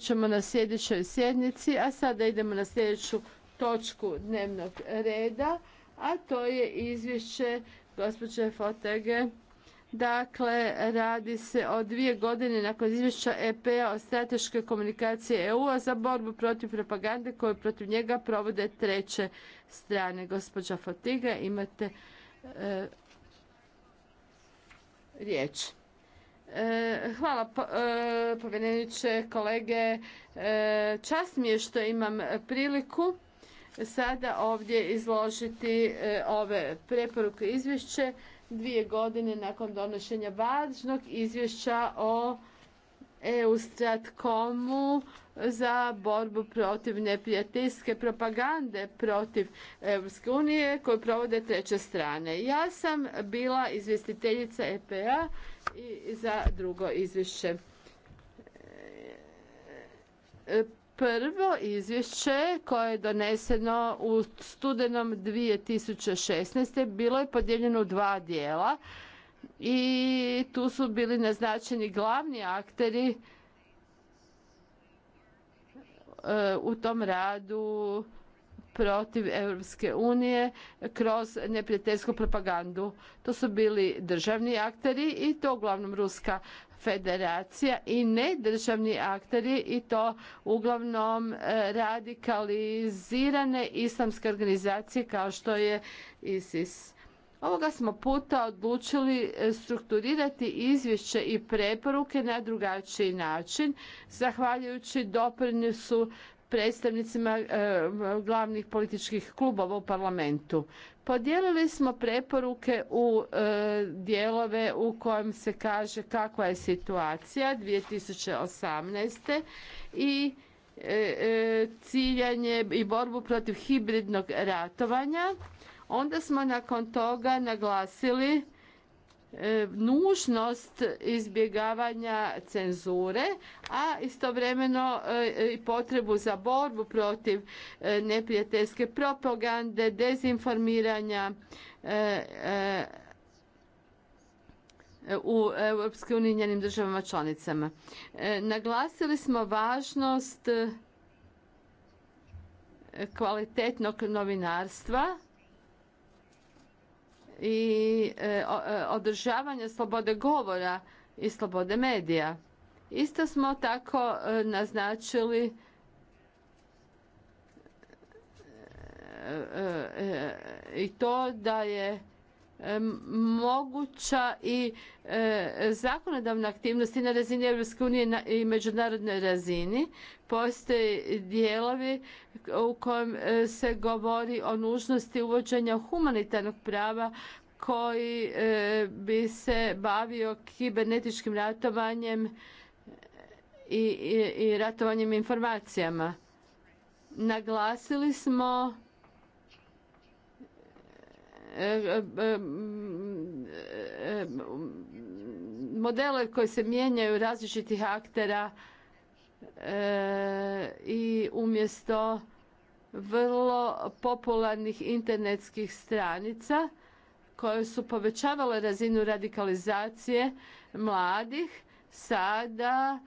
ćemo na sljedećoj sjednici, a sada idemo na sljedeću točku dnevnog reda, a to je izvješće gospođe Fotege. Dakle, radi se o dvije godine nakon izvješća EPA o strateškoj komunikaciji EU-a za borbu protiv propagande koju protiv njega provode treće strane. Gospođa Fotiga, imate e, riječ. Eh, hvala eh, povjereniče, kolege. Eh, čast mi je što imam priliku sada ovdje izložiti ove preporuke izvješće dvije godine nakon donošenja važnog izvješća o EU stratkomu za borbu protiv neprijateljske propagande protiv Europske unije koju provode treće strane. Ja sam bila izvjestiteljica EPA i za drugo izvješće. E, prvo izvješće koje je doneseno u studenom 2016. bilo je podijeljeno u dva dijela i tu su bili naznačeni glavni akteri e, u tom radu protiv Europske unije kroz neprijateljsku propagandu. To su bili državni akteri i to uglavnom Ruska federacija i nedržavni akteri i to uglavnom e, radikalizirane islamske organizacije kao što je ISIS. Ovoga smo puta odlučili e, strukturirati izvješće i preporuke na drugačiji način, zahvaljujući doprinosu predstavnicima e, glavnih političkih klubova u parlamentu. Podijelili smo preporuke u e, dijelove u kojem se kaže kakva je situacija 2018. i e, ciljanje i borbu protiv hibridnog ratovanja. Onda smo nakon toga naglasili E, nužnost izbjegavanja cenzure, a istovremeno e, e, i potrebu za borbu protiv neprijateljske propagande, dezinformiranja u EU i njenim državama članicama. Naglasili smo važnost kvalitetnog novinarstva i e, e, održavanje slobode govora i slobode medija. Isto smo tako e, naznačili i to da je moguća i e, zakonodavna aktivnost i na razini Europske unije i međunarodnoj razini. Postoje dijelovi u kojem e, se govori o nužnosti uvođenja humanitarnog prava koji e, bi se bavio kibernetičkim ratovanjem i ratovanjem informacijama. Naglasili smo modele koji se mijenjaju različitih aktera e, i umjesto vrlo popularnih internetskih stranica koje su povećavale razinu radikalizacije mladih sada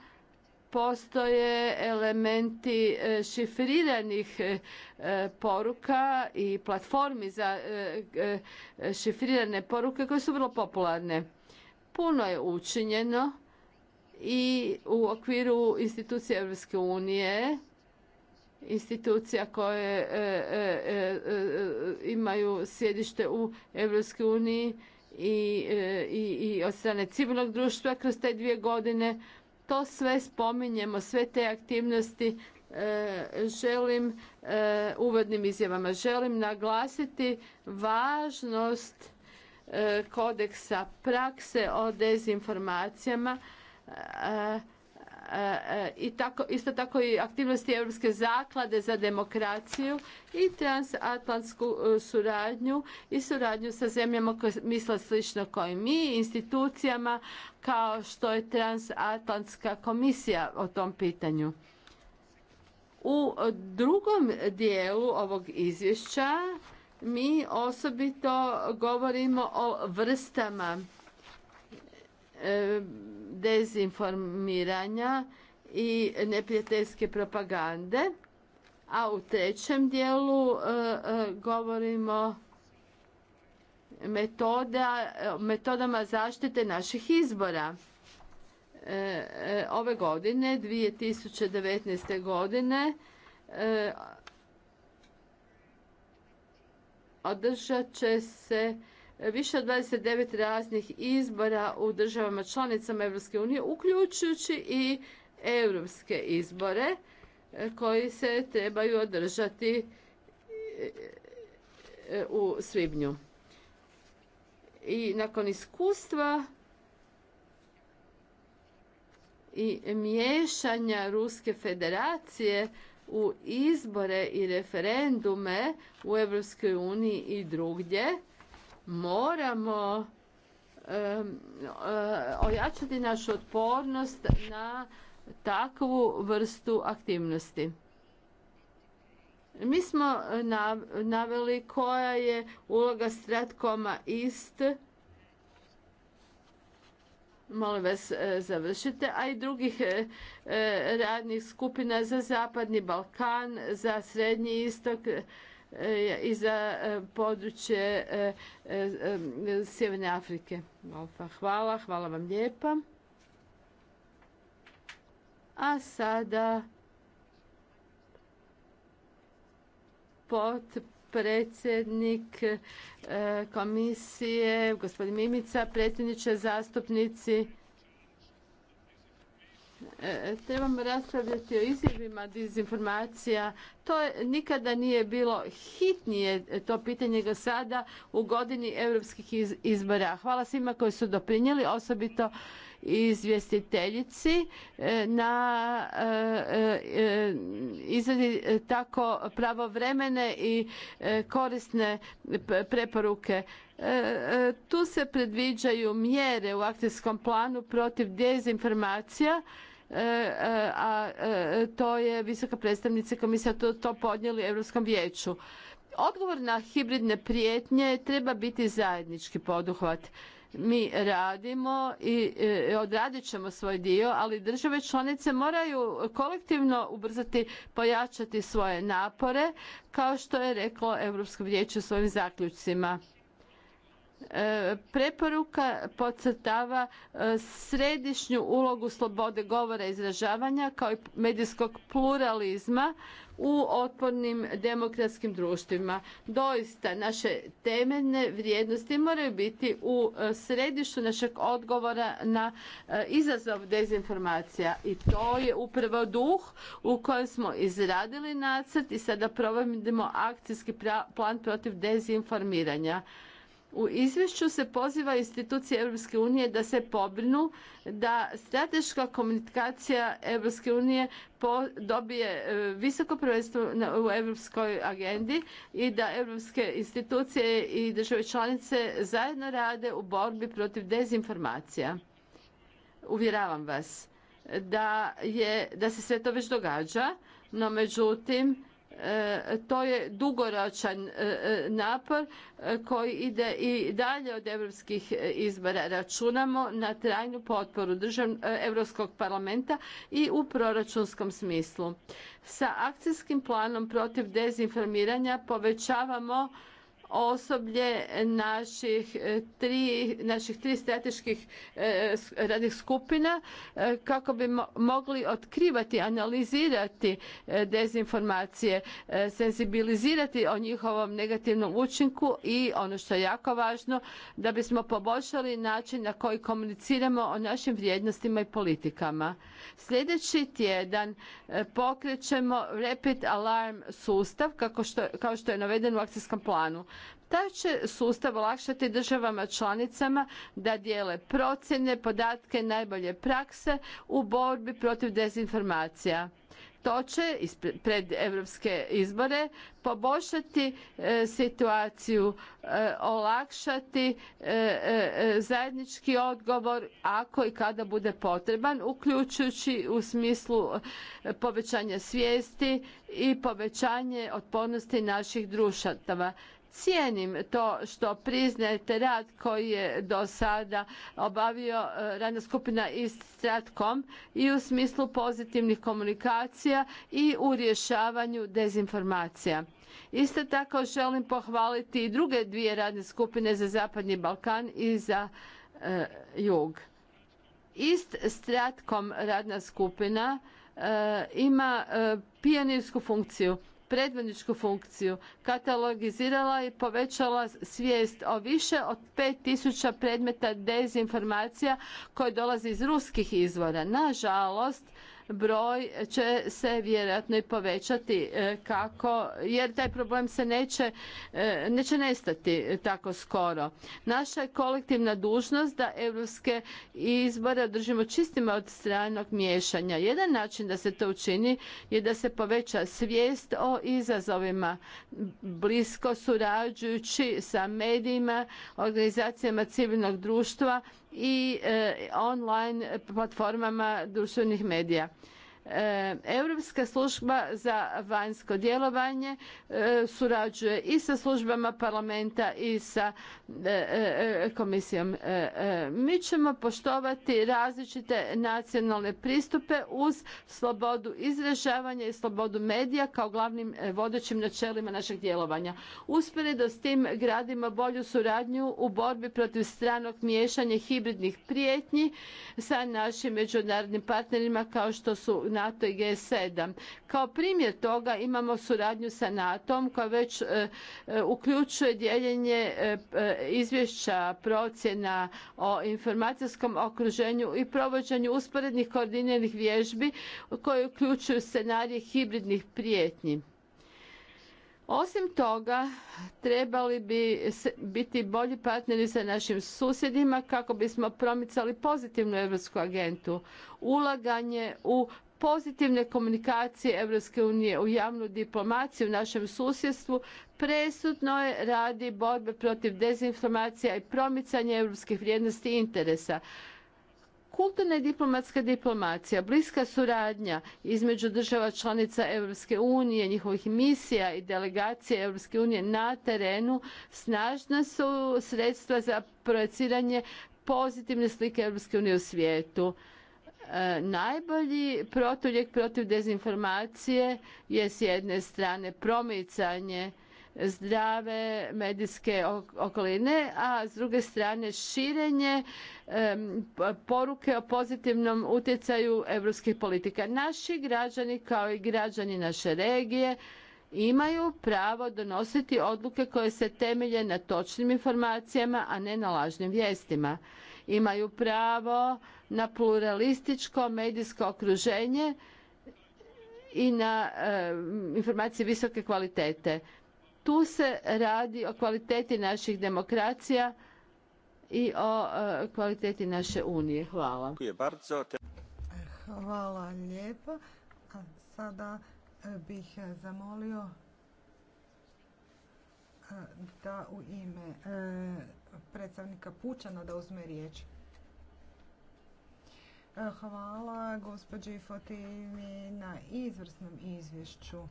postoje elementi e, šifriranih e, e, poruka i platformi za šifrirane poruke koje su vrlo popularne. Puno je učinjeno i u okviru institucije Europske unije institucija koje imaju sjedište u Europskoj uniji i, i od strane civilnog društva kroz te dvije godine to sve spominjemo, sve te aktivnosti e, želim e, uvodnim izjavama. Želim naglasiti važnost e, kodeksa prakse o dezinformacijama E, e, i isto tako i aktivnosti Europske zaklade za demokraciju i transatlantsku e, suradnju i suradnju sa zemljama koje misle slično kao i mi, institucijama kao što je transatlantska komisija o tom pitanju. U drugom dijelu ovog izvješća mi osobito govorimo o vrstama E, dezinformiranja i neprijateljske propagande. A u trećem dijelu e, e, govorimo metoda, metodama zaštite naših izbora. Ove godine, 2019. godine, održat će se više od 29 raznih izbora u državama članicama Europske unije, uključujući i europske izbore e, koji se trebaju održati e, e, u svibnju. I nakon iskustva i miješanja Ruske federacije u izbore i referendume u EU uniji i drugdje, moramo eh, ojačati našu otpornost na takvu vrstu aktivnosti. Mi smo eh, naveli koja je uloga Stratkoma ist. Molim vas, eh, završite. A i drugih radnih skupina za Zapadni Balkan, za Srednji istok, Eh, i za eh, područje eh, Sjeverne Afrike. Hvala, hvala vam lijepa. A sada potpredsjednik komisije, gospodin Mimica, predsjedniče, zastupnici, E, trebamo raspravljati o izjavima dezinformacija. To nikada nije bilo hitnije to pitanje ga sada u godini europskih izbora. Hvala svima koji su doprinijeli, osobito izvjestiteljici e, na e, izradi tako pravovremene i korisne preporuke. Tu se predviđaju mjere u akcijskom planu protiv dezinformacija E, e, a e, to je visoka predstavnica komisija to, to podnijeli Europskom vijeću. Odgovor na hibridne prijetnje treba biti zajednički poduhvat. Mi radimo i odradit ćemo svoj dio, ali države članice moraju kolektivno ubrzati, pojačati svoje napore, kao što je reklo Europsko vijeće u svojim zaključcima. E, preporuka podcrtava e, središnju ulogu slobode govora i izražavanja kao i medijskog pluralizma u otpornim demokratskim društvima. Doista, naše temeljne vrijednosti moraju biti u e, središtu našeg odgovora na izazov dezinformacija i to je upravo duh u kojem smo izradili nacrt i sada provodimo akcijski plan protiv dezinformiranja. U izvješću se poziva institucije Europske unije da se pobrinu da strateška komunikacija Europske unije dobije e, visoko prvenstvo u europskoj agendi i da europske institucije i države članice zajedno rade u borbi protiv dezinformacija. Uvjeravam vas da, je, da se sve to već događa, no međutim to je dugoročan e, e, napor e, koji ide i dalje od europskih izbora. Računamo na trajnu potporu Europskog parlamenta i u proračunskom smislu. Sa akcijskim planom protiv dezinformiranja povećavamo osoblje naših e, tri, naših tri strateških e, radnih skupina e, kako bi mogli otkrivati, analizirati dezinformacije, senzibilizirati o njihovom negativnom učinku i ono što je jako važno da bismo poboljšali način na koji komuniciramo o našim vrijednostima i politikama. Sljedeći tjedan pokrećemo Rapid Alarm sustav kao što je naveden u akcijskom planu. Taj će sustav olakšati državama članicama da dijele procjene, podatke, najbolje prakse u borbi protiv dezinformacija. To će pred europske izbore poboljšati e, situaciju, e, olakšati e, zajednički odgovor ako i kada bude potreban, uključujući u smislu povećanja svijesti i povećanje otpornosti naših društava cijenim to što priznajete rad koji je do sada obavio e, radna skupina i Stratkom i u smislu pozitivnih komunikacija i u rješavanju dezinformacija. Isto tako želim pohvaliti i druge dvije radne skupine za Zapadni Balkan i za e, jug. Ist Stratkom radna skupina e, ima e, pionirsku funkciju predvodničku funkciju. Katalogizirala i povećala svijest o više od 5000 predmeta dezinformacija koje dolaze iz ruskih izvora. Nažalost, broj će se vjerojatno i povećati e, kako jer taj problem se neće, e, neće nestati tako skoro. Naša je kolektivna dužnost da europske izbore održimo čistima od stranog miješanja. Jedan način da se to učini je da se poveća svijest o izazovima blisko surađujući sa medijima, organizacijama civilnog društva i e, online platformama društvenih medija. E, Europska služba za vanjsko djelovanje e, surađuje i sa službama parlamenta i sa e, komisijom. Mi ćemo poštovati različite nacionalne pristupe uz slobodu izražavanja i slobodu medija kao glavnim vodećim načelima našeg djelovanja. Usporedo s tim gradimo bolju suradnju u borbi protiv stranog miješanja hibridnih prijetnji sa našim međunarodnim partnerima kao što su NATO i G7. Kao primjer toga imamo suradnju sa NATO-om koja već e, e, uključuje dijeljenje e, izvješća procjena o informacijskom okruženju i provođenju usporednih koordiniranih vježbi koje uključuju scenarije hibridnih prijetnji. Osim toga, trebali bi biti bolji partneri sa našim susjedima kako bismo promicali pozitivnu europsku agentu. Ulaganje u pozitivne komunikacije Europske unije u javnu diplomaciju u našem susjedstvu presudno je radi borbe protiv dezinformacija i promicanja europskih vrijednosti i interesa. Kulturna i diplomatska diplomacija, bliska suradnja između država članica Europske unije, njihovih misija i delegacije Europske unije na terenu snažna su sredstva za projeciranje pozitivne slike Europske unije u svijetu najbolji protuljek protiv dezinformacije je s jedne strane promicanje zdrave medijske okoline, a s druge strane širenje poruke o pozitivnom utjecaju europskih politika. Naši građani kao i građani naše regije imaju pravo donositi odluke koje se temelje na točnim informacijama, a ne na lažnim vijestima imaju pravo na pluralističko medijsko okruženje i na e, informacije visoke kvalitete. Tu se radi o kvaliteti naših demokracija i o e, kvaliteti naše unije. Hvala. Hvala A Sada e, bih zamolio da u ime predstavnika Pučana da uzme riječ. E, hvala gospođi Fotini na izvrsnom izvješću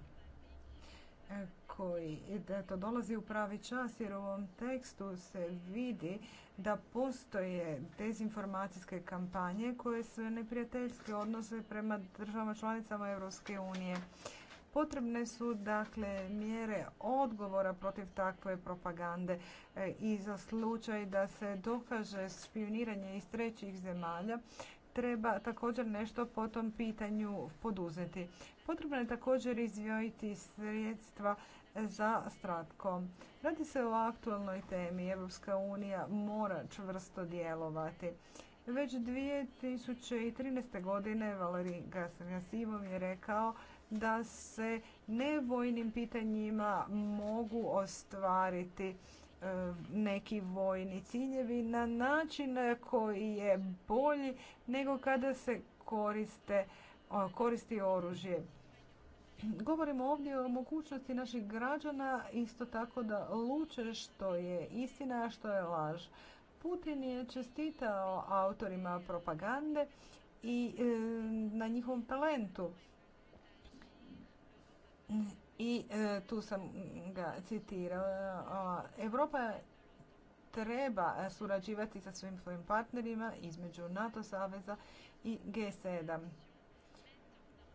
e, koji to dolazi u pravi čas jer u ovom tekstu se vidi da postoje dezinformacijske kampanje koje su neprijateljski odnose prema državama članicama Europske unije. Potrebne su dakle mjere odgovora protiv takve propagande e, i za slučaj da se dokaže špioniranje iz trećih zemalja treba također nešto po tom pitanju poduzeti. Potrebno je također izvojiti sredstva za stratkom. Radi se o aktualnoj temi. Europska unija mora čvrsto djelovati. Već 2013. godine Valerij Gasivov je rekao da se nevojnim pitanjima mogu ostvariti e, neki vojni ciljevi na način koji je bolji nego kada se koriste, koristi oružje. Govorimo ovdje o mogućnosti naših građana isto tako da luče što je istina, a što je laž. Putin je čestitao autorima propagande i e, na njihovom talentu i e, tu sam ga citirao, Europa treba surađivati sa svim svojim partnerima između NATO saveza i G7.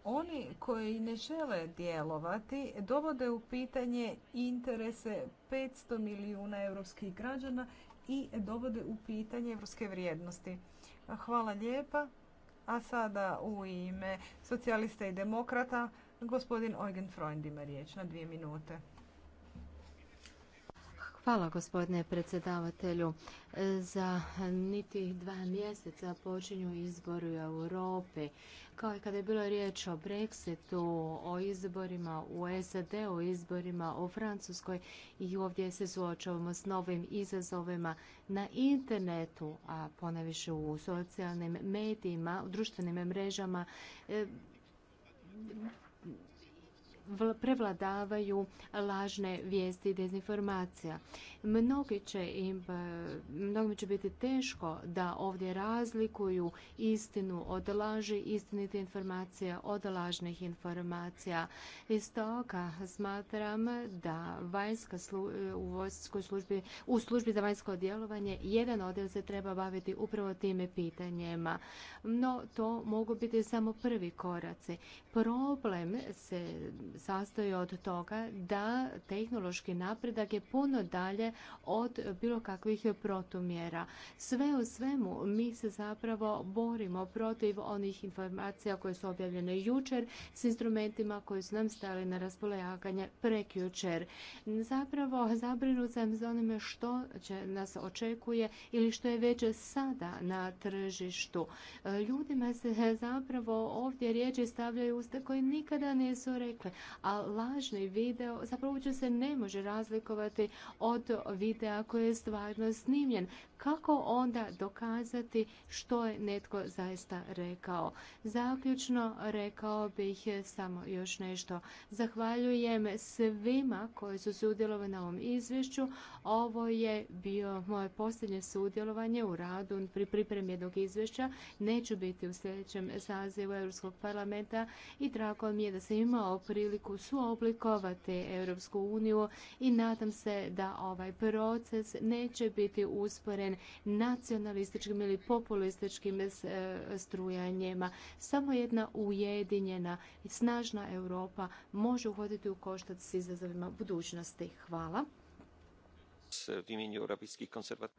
Oni koji ne žele djelovati dovode u pitanje interese 500 milijuna europskih građana i dovode u pitanje europske vrijednosti. Hvala lijepa. A sada u ime socijalista i demokrata Gospodin Eugen Freund ima riječ na dvije minute. Hvala gospodine predsjedavatelju. Za niti dva mjeseca počinju izbori u Europi. Kao i kada je bilo riječ o Brexitu, o izborima u SAD, o izborima u Francuskoj i ovdje se suočavamo s novim izazovima na internetu, a ponaviše u socijalnim medijima, u društvenim mrežama, prevladavaju lažne vijesti i dezinformacija. Mnogi će, im, e, će biti teško da ovdje razlikuju istinu od laži, istinite informacije od lažnih informacija. Iz toga smatram da u službi, u službi za vanjsko djelovanje jedan odjel se treba baviti upravo time pitanjima. No, to mogu biti samo prvi koraci. Problem se sastoji od toga da tehnološki napredak je puno dalje od bilo kakvih protumjera. Sve u svemu mi se zapravo borimo protiv onih informacija koje su objavljene jučer s instrumentima koji su nam stali na raspolaganje prekjučer. Zapravo zabrinut sam za onime što će nas očekuje ili što je već sada na tržištu. E, ljudima se zapravo ovdje riječi stavljaju usta koje nikada nisu rekle a lažni video zapravo uopće se ne može razlikovati od videa koji je stvarno snimljen kako onda dokazati što je netko zaista rekao. Zaključno rekao bih samo još nešto. Zahvaljujem svima koji su sudjelovali na ovom izvješću. Ovo je bio moje posljednje sudjelovanje u radu pri pripremi jednog izvješća. Neću biti u sljedećem sazivu Europskog parlamenta i drago mi je da sam imao priliku suoblikovati Europsku uniju i nadam se da ovaj proces neće biti usporen nacionalističkim ili populističkim e, strujanjima. Samo jedna ujedinjena i snažna Europa može uhoditi u koštac s izazovima budućnosti. Hvala.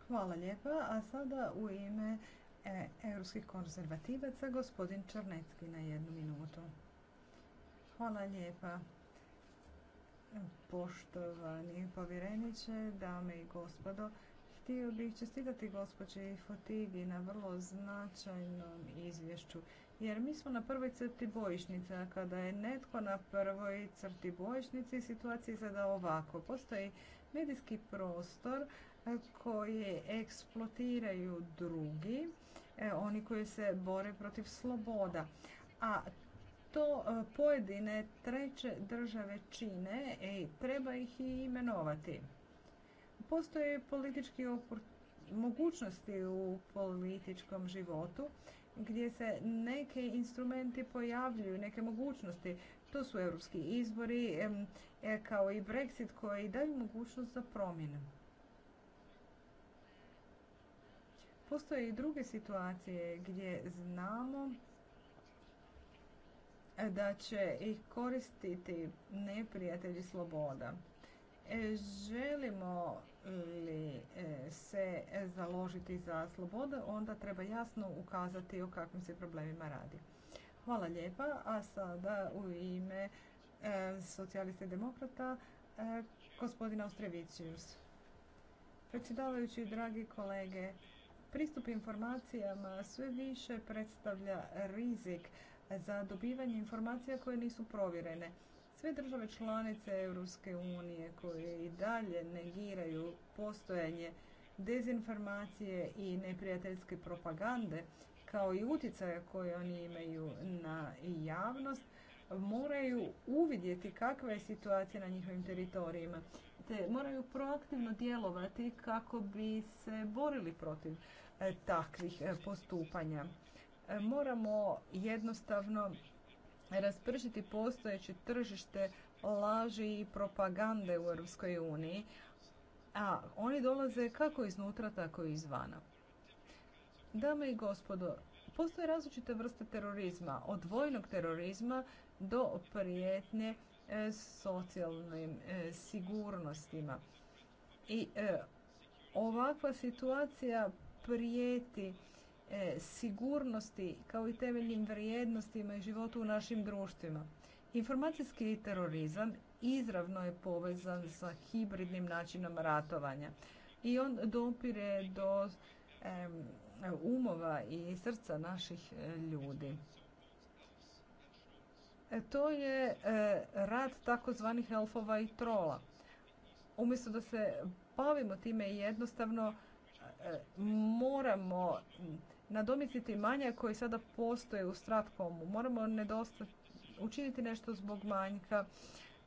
Hvala lijepa. A sada u ime e, europskih konzervativaca gospodin Črnecki na jednu minutu. Hvala lijepa. Poštovani povjereniče, dame i gospodo, Htio bih čestitati gospođi Fotigi na vrlo značajnom izvješću, jer mi smo na prvoj crti bojišnice, a kada je netko na prvoj crti bojišnice, situacija izgleda ovako. Postoji medijski prostor koji eksploatiraju drugi, e, oni koji se bore protiv sloboda. A to e, pojedine treće države čine, i treba ih i imenovati postoje politički mogućnosti u političkom životu gdje se neki instrumenti pojavljuju, neke mogućnosti. To su europski izbori e, kao i Brexit koji daju mogućnost za promjenu. Postoje i druge situacije gdje znamo e, da će ih koristiti neprijatelji sloboda. E, želimo ili e, se založiti za slobodu, onda treba jasno ukazati o kakvim se problemima radi. Hvala lijepa, a sada u ime e, i demokrata e, gospodin Austrevicius. Predsjedavajući, dragi kolege, pristup informacijama sve više predstavlja rizik za dobivanje informacija koje nisu provjerene. Sve države članice Europske unije koje i dalje negiraju postojanje dezinformacije i neprijateljske propagande, kao i utjecaja koje oni imaju na javnost, moraju uvidjeti kakva je situacija na njihovim teritorijima, te moraju proaktivno djelovati kako bi se borili protiv eh, takvih eh, postupanja. Eh, moramo jednostavno raspršiti postojeće tržište laži i propagande u Europskoj uniji, a oni dolaze kako iznutra, tako i izvana. Dame i gospodo, postoje različite vrste terorizma, od vojnog terorizma do prijetnje e, socijalnim e, sigurnostima. I e, ovakva situacija prijeti E, sigurnosti kao i temeljnim vrijednostima i životu u našim društvima. Informacijski terorizam izravno je povezan sa hibridnim načinom ratovanja i on dopire do umova i srca naših e, ljudi. E, to je rad takozvanih elfova i trola. Umjesto da se bavimo time jednostavno moramo nadomjestiti manje koji sada postoje u Stratkomu. Moramo učiniti nešto zbog manjka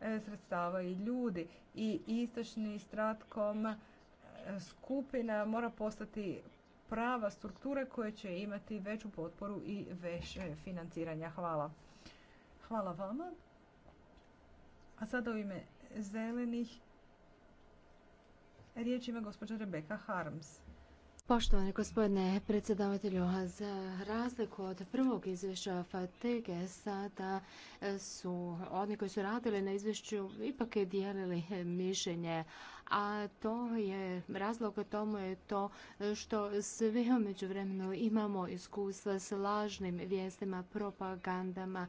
e, sredstava i ljudi. I istočni Stratkom e, skupina mora postati prava struktura koja će imati veću potporu i veće financiranja. Hvala. Hvala vama. A sada u ime zelenih riječ ima gospođa Rebeka Harms. Poštovani gospodine predsjedavatelju, za razliku od prvog izvješća fatige, sada e, su oni koji su radili na izvješću ipak dijelili mišljenje, a to je razlog tomu je to što sve u međuvremenu imamo iskustva s lažnim vijestima, propagandama,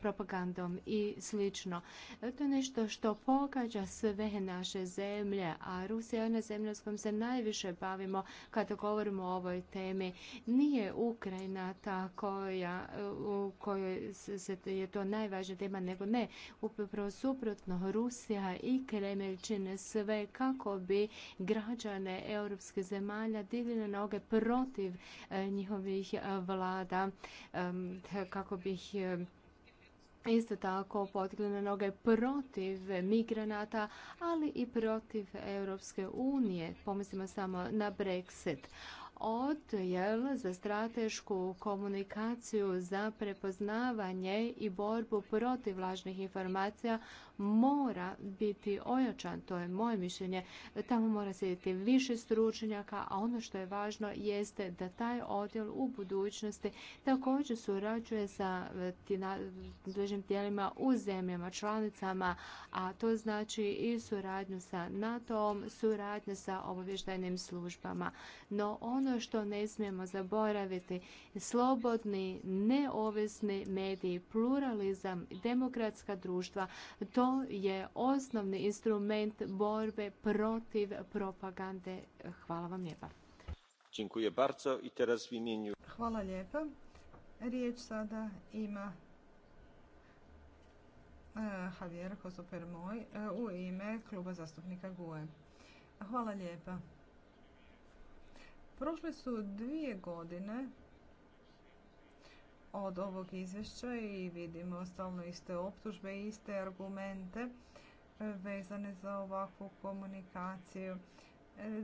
propagandom i slično. To je nešto što pogađa sve naše zemlje, a Rusija je ona zemlja s kojom se najviše bavimo kada govorimo o ovoj temi. Nije Ukrajina ta koja, u kojoj se, je to najvažnija tema, nego ne, upravo suprotno, Rusija i Kremlj čine sve kako bi građane europskih zemalja digli noge protiv e, njihovih e, vlada, kako bi ih e, isto tako podigli na noge protiv migranata, ali i protiv Europske unije. Pomislimo samo na Brexit odjel za stratešku komunikaciju za prepoznavanje i borbu protiv lažnih informacija mora biti ojačan, to je moje mišljenje. Tamo mora sjediti više stručnjaka, a ono što je važno jeste da taj odjel u budućnosti također surađuje sa nadležnim tijelima u zemljama članicama, a to znači i suradnju sa NATO-om, suradnju sa obavještajnim službama. No ono ono što ne smijemo zaboraviti, slobodni, neovisni mediji, pluralizam, demokratska društva, to je osnovni instrument borbe protiv propagande. Hvala vam lijepa. Hvala lijepa. Riječ sada ima e, Javier e, u ime kluba zastupnika GUE. Hvala lijepa. Prošle su dvije godine od ovog izvješća i vidimo stalno iste optužbe, iste argumente vezane za ovakvu komunikaciju. E,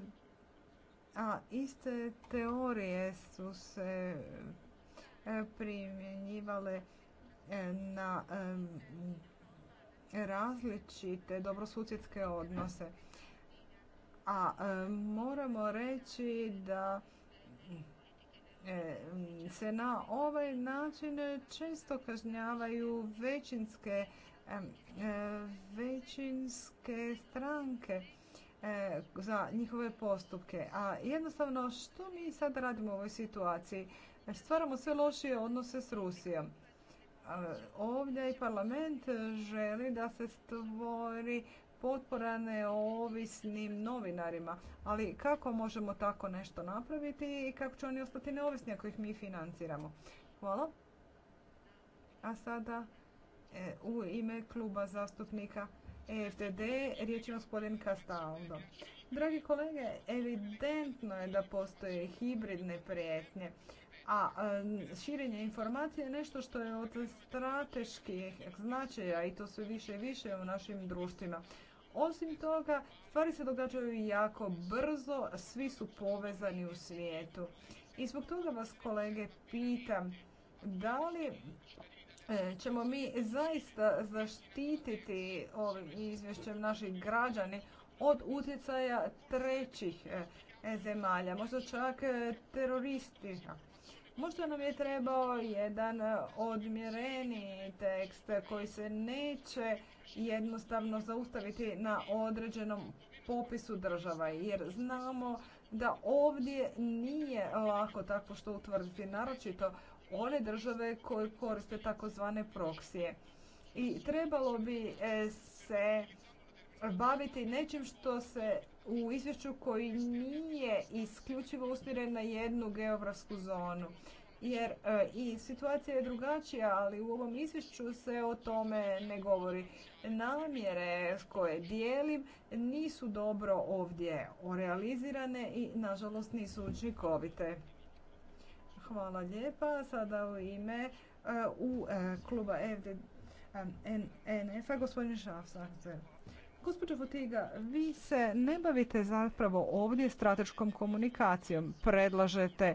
a iste teorije su se e, primjenjivale e, na različite dobrosusjedske odnose a e, moramo reći da e, se na ovaj način često kažnjavaju većinske e, stranke za njihove postupke. A jednostavno što mi sad radimo u ovoj situaciji? Stvaramo sve lošije odnose s Rusijom. Ovdje i parlament želi da se stvori potpora neovisnim novinarima. Ali kako možemo tako nešto napraviti i kako će oni ostati neovisni ako ih mi financiramo? Hvala. A sada e, u ime kluba zastupnika EFTD riječ je gospodin Castaldo. Dragi kolege, evidentno je da postoje hibridne prijetnje, a e, širenje informacije je nešto što je od strateških značaja i to sve više i više u našim društvima. Osim toga, stvari se događaju jako brzo, svi su povezani u svijetu. I zbog toga vas kolege pitam, da li e, ćemo mi zaista zaštititi ovim izvješćem naših građani od utjecaja trećih e, zemalja, možda čak e, teroristi. Možda nam je trebao jedan e, odmjereni tekst koji se neće jednostavno zaustaviti na određenom popisu država jer znamo da ovdje nije lako tako što utvrditi, naročito one države koje koriste takozvane proksije. I trebalo bi e, se baviti nečim što se u izvješću koji nije isključivo usmjeren na jednu geografsku zonu. Jer e, i situacija je drugačija, ali u ovom izvješću se o tome ne govori. Namjere koje dijelim nisu dobro ovdje realizirane i nažalost nisu učinkovite. Hvala lijepa. Sada u ime e, u e, kluba NF-a gospodin Gospođo Votiga, vi se ne bavite zapravo ovdje strateškom komunikacijom. Predlažete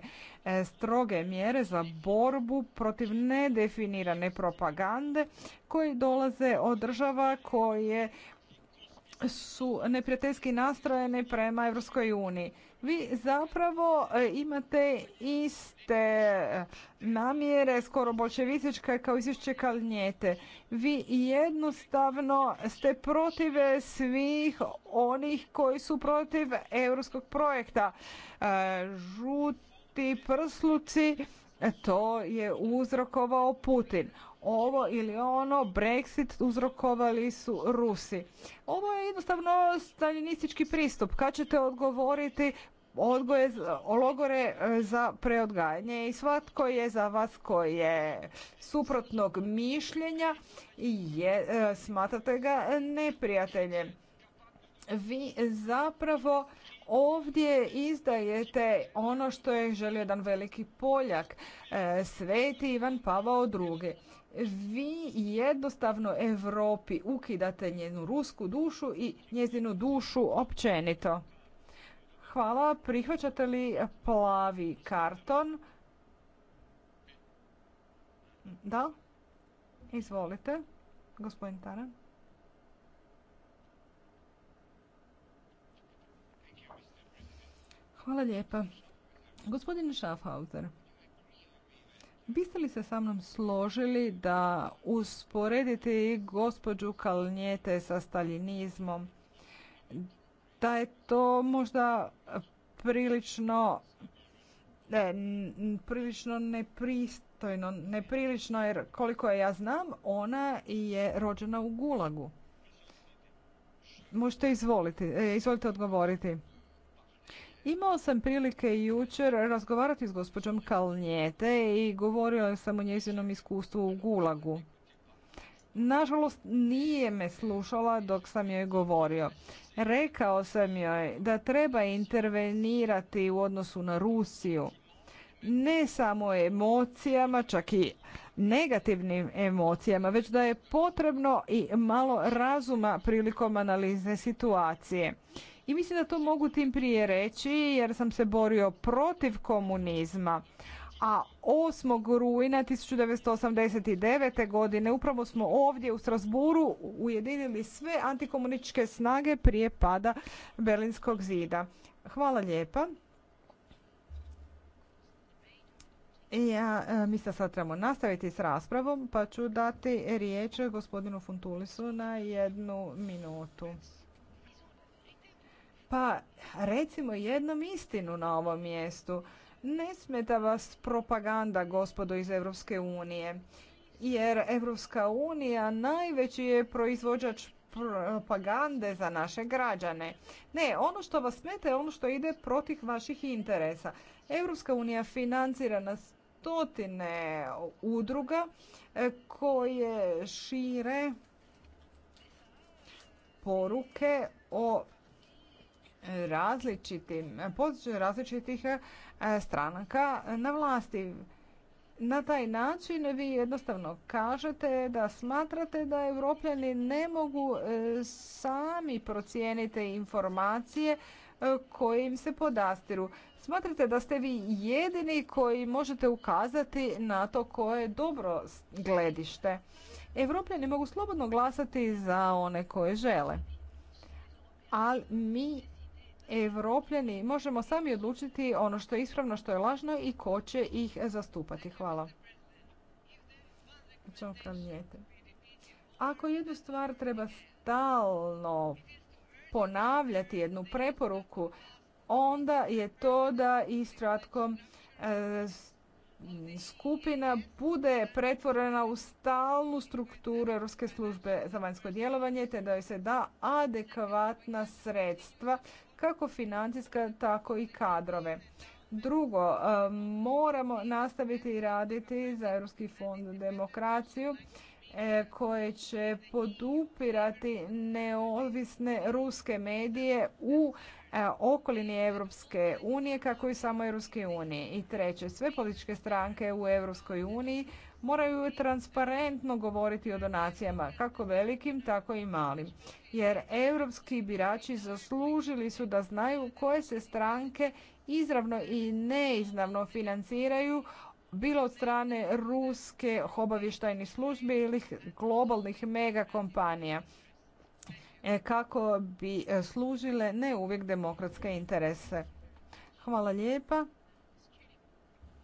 e, stroge mjere za borbu protiv nedefinirane propagande koji dolaze od država koje su neprijateljski nastrojene prema Europskoj uniji vi zapravo e, imate iste e, namjere, skoro bolševističke kao izvješće Kalnjete. Vi jednostavno ste protiv svih onih koji su protiv europskog projekta. E, žuti prsluci to je uzrokovao Putin ovo ili ono, Brexit uzrokovali su Rusi. Ovo je jednostavno staljinistički pristup. Kad ćete odgovoriti odgoje, logore e, za preodgajanje i svatko je za vas koji je suprotnog mišljenja i je, e, smatrate ga neprijateljem. Vi zapravo ovdje izdajete ono što je želio jedan veliki Poljak, e, Sveti Ivan Pavao II vi jednostavno Europi ukidate njenu rusku dušu i njezinu dušu općenito. Hvala. Prihvaćate li plavi karton? Da. Izvolite, gospodin Taran. Hvala lijepa. Gospodin Schaffhauser. Biste li se sa mnom složili da usporediti gospođu Kalnjete sa staljinizmom, da je to možda prilično ne, prilično nepristojno, neprilično jer koliko ja znam ona je rođena u Gulagu. Možete izvoliti, e, izvolite odgovoriti. Imao sam prilike jučer razgovarati s gospođom Kalnjete i govorio sam o njezinom iskustvu u Gulagu. Nažalost, nije me slušala dok sam joj govorio. Rekao sam joj da treba intervenirati u odnosu na Rusiju. Ne samo emocijama, čak i negativnim emocijama, već da je potrebno i malo razuma prilikom analize situacije. I mislim da to mogu tim prije reći jer sam se borio protiv komunizma. A 8. rujna 1989. godine upravo smo ovdje u Strasburu ujedinili sve antikomunističke snage prije pada Berlinskog zida. Hvala lijepa. Ja, e, mi se sad trebamo nastaviti s raspravom, pa ću dati riječ gospodinu Funtulisu na jednu minutu. Pa recimo jednom istinu na ovom mjestu. Ne smeta vas propaganda, gospodo iz Europske unije, jer Europska unija najveći je proizvođač propagande za naše građane. Ne, ono što vas smeta je ono što ide protiv vaših interesa. Europska unija financira na stotine udruga e, koje šire poruke o različitim, različitih e, stranaka na vlasti. Na taj način vi jednostavno kažete da smatrate da Evropljani ne mogu e, sami procijeniti informacije e, im se podastiru. Smatrate da ste vi jedini koji možete ukazati na to koje dobro gledište. Evropljani mogu slobodno glasati za one koje žele. Ali mi evropljeni možemo sami odlučiti ono što je ispravno, što je lažno i ko će ih zastupati. Hvala. Ako jednu stvar treba stalno ponavljati, jednu preporuku, onda je to da i e, skupina bude pretvorena u stalnu strukturu Europske službe za vanjsko djelovanje te da joj se da adekvatna sredstva kako financijska, tako i kadrove. Drugo, e, moramo nastaviti raditi za Europski fond demokraciju e, koje će podupirati neovisne ruske medije u e, okolini Europske unije kako i samo Europske unije. I treće, sve političke stranke u Europskoj uniji moraju transparentno govoriti o donacijama, kako velikim, tako i malim. Jer europski birači zaslužili su da znaju koje se stranke izravno i neizravno financiraju bilo od strane ruske obavještajnih službi ili globalnih megakompanija e, kako bi služile ne uvijek demokratske interese. Hvala lijepa.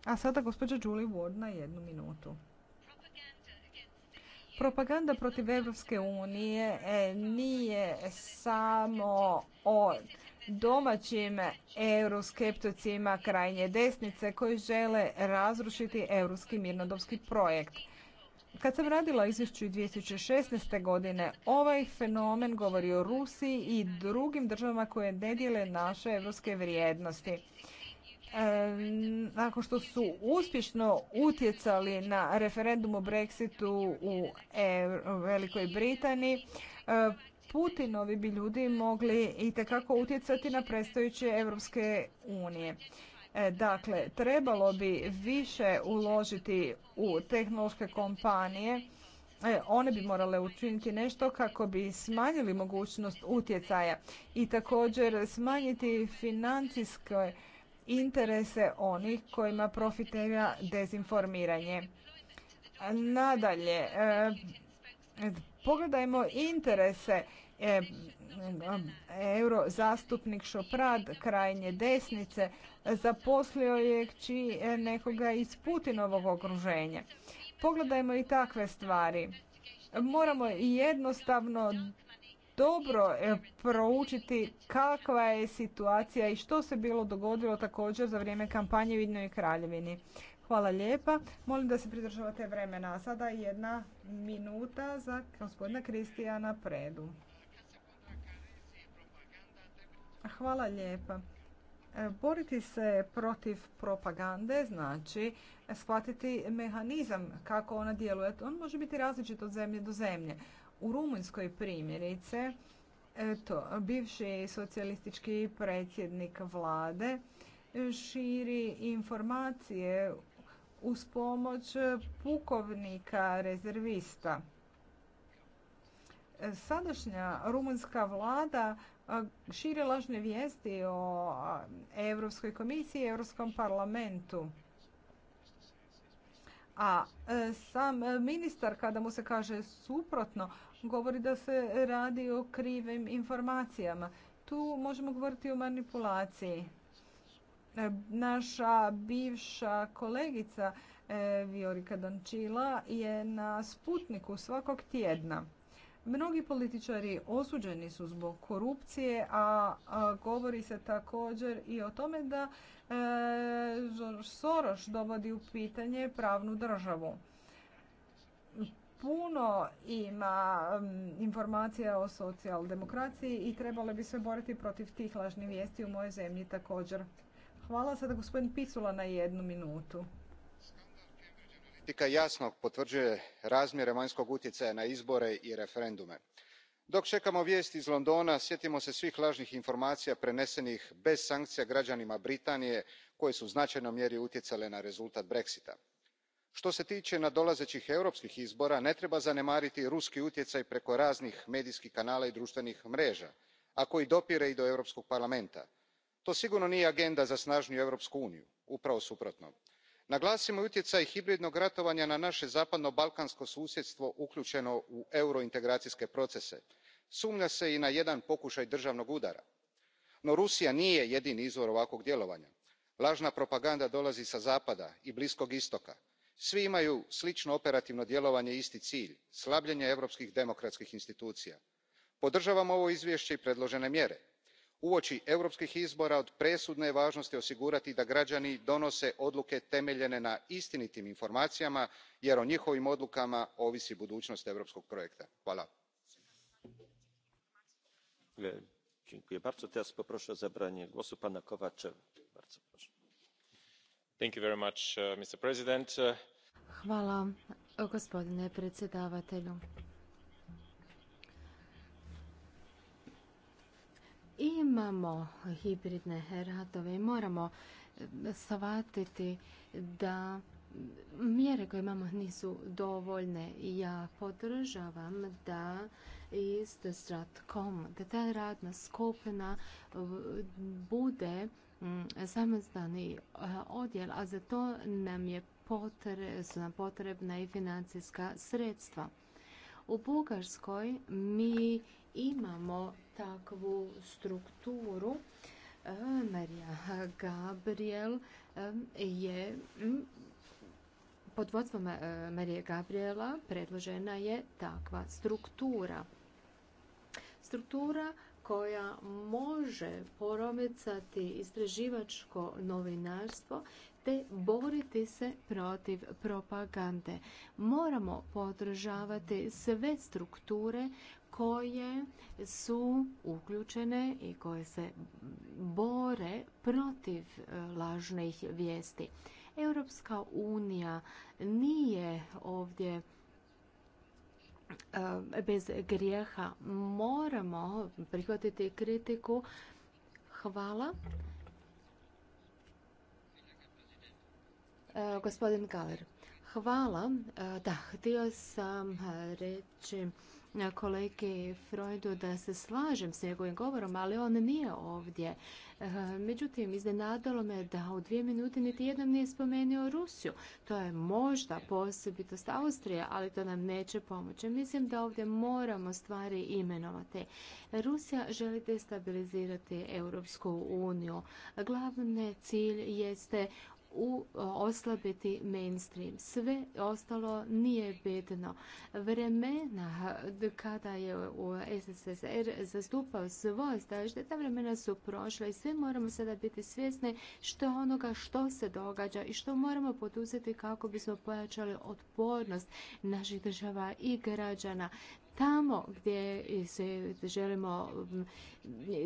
A sada gospođa Julie Ward na jednu minutu. Propaganda protiv Evropske unije e, nije samo o domaćim euroskepticima krajnje desnice koji žele razrušiti evropski mirnodopski projekt. Kad sam radila izvješću 2016. godine, ovaj fenomen govori o Rusiji i drugim državama koje ne dijele naše evropske vrijednosti nakon što su uspješno utjecali na referendum o Brexitu u Velikoj Britaniji, e, Putinovi bi ljudi mogli i tekako utjecati na predstojeće Europske unije. E, dakle, trebalo bi više uložiti u tehnološke kompanije. E, one bi morale učiniti nešto kako bi smanjili mogućnost utjecaja i također smanjiti financijske interese onih kojima profitira dezinformiranje. Nadalje, e, pogledajmo interese e, euro zastupnik Šoprad krajnje desnice zaposlio je e, nekoga iz Putinovog okruženja. Pogledajmo i takve stvari. Moramo jednostavno dobro e, proučiti kakva je situacija i što se bilo dogodilo također za vrijeme kampanje u Vidnoj kraljevini. Hvala lijepa. Molim da se pridržavate vremena. sada jedna minuta za gospodina Kristijana Predu. Hvala lijepa. E, boriti se protiv propagande znači shvatiti mehanizam kako ona djeluje. On može biti različit od zemlje do zemlje. U Rumunjskoj primjerice, to, bivši socijalistički predsjednik vlade širi informacije uz pomoć pukovnika rezervista. Sadašnja rumunska vlada širi lažne vijesti o Europskoj komisiji i Europskom parlamentu. A e, sam ministar kada mu se kaže suprotno govori da se radi o krivim informacijama. Tu možemo govoriti o manipulaciji. E, naša bivša kolegica e, Viorika Dončila, je na Sputniku svakog tjedna. Mnogi političari osuđeni su zbog korupcije, a, govori se također i o tome da e, Soroš dovodi u pitanje pravnu državu. Puno ima informacija o socijaldemokraciji i trebalo bi se boriti protiv tih lažnih vijesti u mojoj zemlji također. Hvala sada gospodin Picula na jednu minutu politika jasno potvrđuje razmjere vanjskog utjecaja na izbore i referendume. dok čekamo vijest iz londona sjetimo se svih lažnih informacija prenesenih bez sankcija građanima britanije koje su u značajnoj mjeri utjecale na rezultat brexita. što se tiče nadolazećih europskih izbora ne treba zanemariti ruski utjecaj preko raznih medijskih kanala i društvenih mreža a koji dopire i do europskog parlamenta. to sigurno nije agenda za snažniju europsku uniju upravo suprotno naglasimo i utjecaj hibridnog ratovanja na naše zapadno balkansko susjedstvo uključeno u eurointegracijske procese. sumnja se i na jedan pokušaj državnog udara. no rusija nije jedini izvor ovakvog djelovanja. Lažna propaganda dolazi sa zapada i bliskog istoka. svi imaju slično operativno djelovanje i isti cilj slabljenje europskih demokratskih institucija. Podržavam ovo izvješće i predložene mjere uoči europskih izbora od presudne je važnosti osigurati da građani donose odluke temeljene na istinitim informacijama jer o njihovim odlukama ovisi budućnost europskog projekta. gospodine imamo hibridne ratove i moramo e, shvatiti da mjere koje imamo nisu dovoljne ja podržavam da i da ta radna skupina e, bude samostalni e, odjel, a za to nam je potrebna i financijska sredstva. U Bugarskoj mi imamo takvu strukturu, e, Marija Gabriel je pod vodstvom e, Marije Gabriela predložena je takva struktura. Struktura koja može poromicati istraživačko novinarstvo te boriti se protiv propagande. Moramo podržavati sve strukture koje su uključene i koje se bore protiv e, lažnih vijesti. Europska unija nije ovdje e, bez grijeha. Moramo prihvatiti kritiku. Hvala. E, gospodin Galer. Hvala. Da, htio sam reći kolegi Freudu da se slažem s njegovim govorom, ali on nije ovdje. E, međutim, iznenadalo me da u dvije minute niti jednom nije spomenuo Rusiju. To je možda posebitost Austrije, ali to nam neće pomoći. Mislim da ovdje moramo stvari imenovati. Rusija želi destabilizirati Europsku uniju. Glavni cilj jeste u e, oslabiti mainstream. Sve ostalo nije bedno. Vremena kada je u SSSR zastupao svoje stavište, ta vremena su prošla i sve moramo sada biti svjesni što onoga što se događa i što moramo poduzeti kako bismo pojačali otpornost naših država i građana. Tamo gdje se želimo,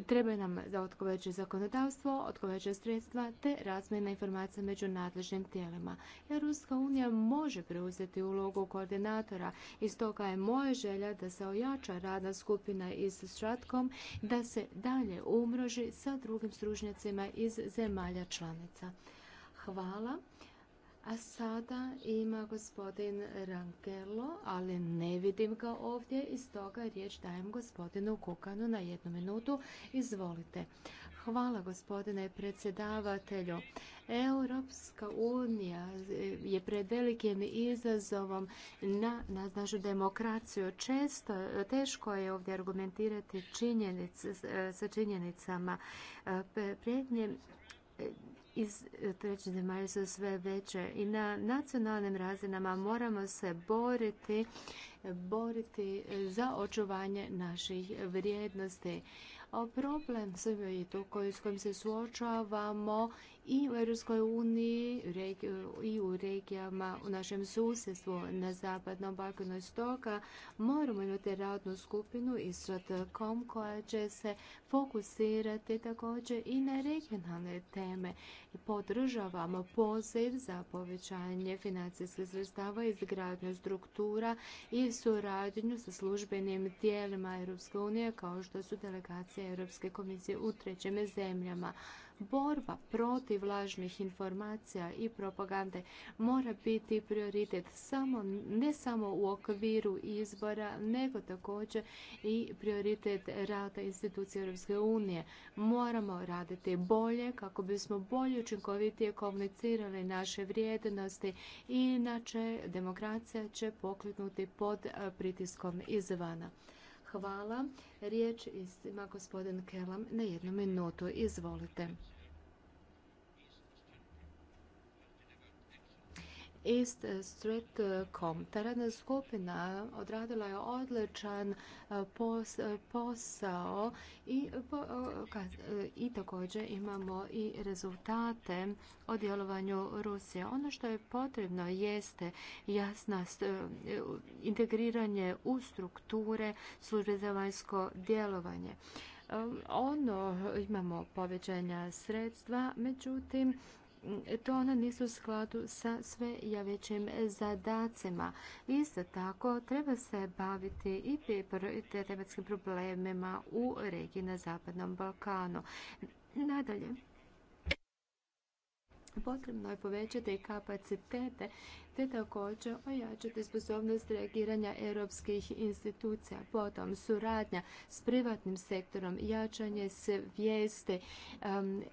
treba nam za odgovarajuće zakonodavstvo, otkoveće sredstva te razmjena informacija među nadležnim tijelima. Ruska unija može preuzeti ulogu koordinatora i stoga je moja želja da se ojača radna skupina i s Stratkom, da se dalje umroži sa drugim stružnjacima iz zemalja članica. Hvala. A sada ima gospodin Rangelo, ali ne vidim ga ovdje i stoga riječ dajem gospodinu Kukanu na jednu minutu. Izvolite. Hvala gospodine predsjedavatelju. Europska unija je pred velikim izazovom na, našu demokraciju. Često teško je ovdje argumentirati sa činjenicama. Prijetnje iz trećih zemalja su sve veće i na nacionalnim razinama moramo se boriti, boriti za očuvanje naših vrijednosti. Problem s, i to koji, s kojim se suočavamo i u Europskoj uniji i u regijama u našem susjedstvu na zapadnom Balkanu i moramo imati radnu skupinu i koja će se fokusirati također i na regionalne teme. Podržavamo poziv za povećanje financijskih sredstava, izgradnju struktura i suradnju sa službenim tijelima Europske unije kao što su delegacije Europske komisije u trećim zemljama. Borba protiv vlažnih informacija i propagande mora biti prioritet samo, ne samo u okviru izbora, nego također i prioritet rada institucije Europske unije. Moramo raditi bolje kako bismo bolje učinkovitije komunicirali naše vrijednosti inače demokracija će pokliknuti pod pritiskom izvana. Hvala. Riječ ima gospodin Kelam na jednu minutu. Izvolite. East Street eh, Ta Radna skupina odradila je odličan eh, eh, posao i, i također imamo i rezultate o djelovanju Rusije. Ono što je potrebno jeste jasna integriranje u strukture službe za vanjsko djelovanje. Ono imamo povećanja sredstva, međutim to ona nisu u skladu sa sve javećim zadacima. Isto tako, treba se baviti i tematskim problemima u regiji na Zapadnom Balkanu. Nadalje, potrebno je povećati kapacitete te također ojačati sposobnost reagiranja europskih institucija, potom suradnja s privatnim sektorom, jačanje svijeste,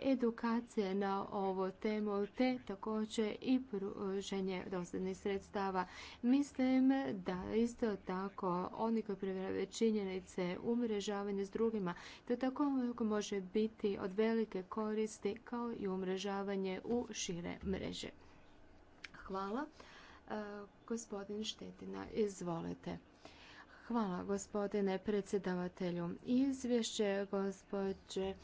edukacije na ovu temu, te također i pruženje dosadnih sredstava. Mislim da isto tako oni koji provjerave činjenice, umrežavanje s drugima, to tako može biti od velike koristi kao i umrežavanje u šire mreže. Hvala. Gospodin Štetina, izvolite. Hvala gospodine predsjedavatelju. Izvješće gospođe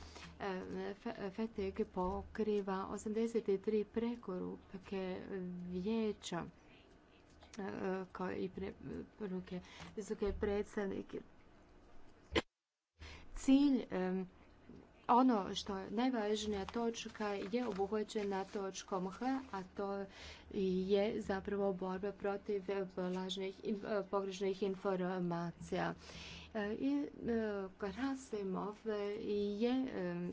eh, Feteg pokriva 83 prekorupke vijeća eh, i preporuke visoke predstavnike. Cilj ono što je najvažnija točka je obuhvaćena točkom H, a to je zapravo borba protiv lažnih, e, pogrešnih informacija. E, I e, je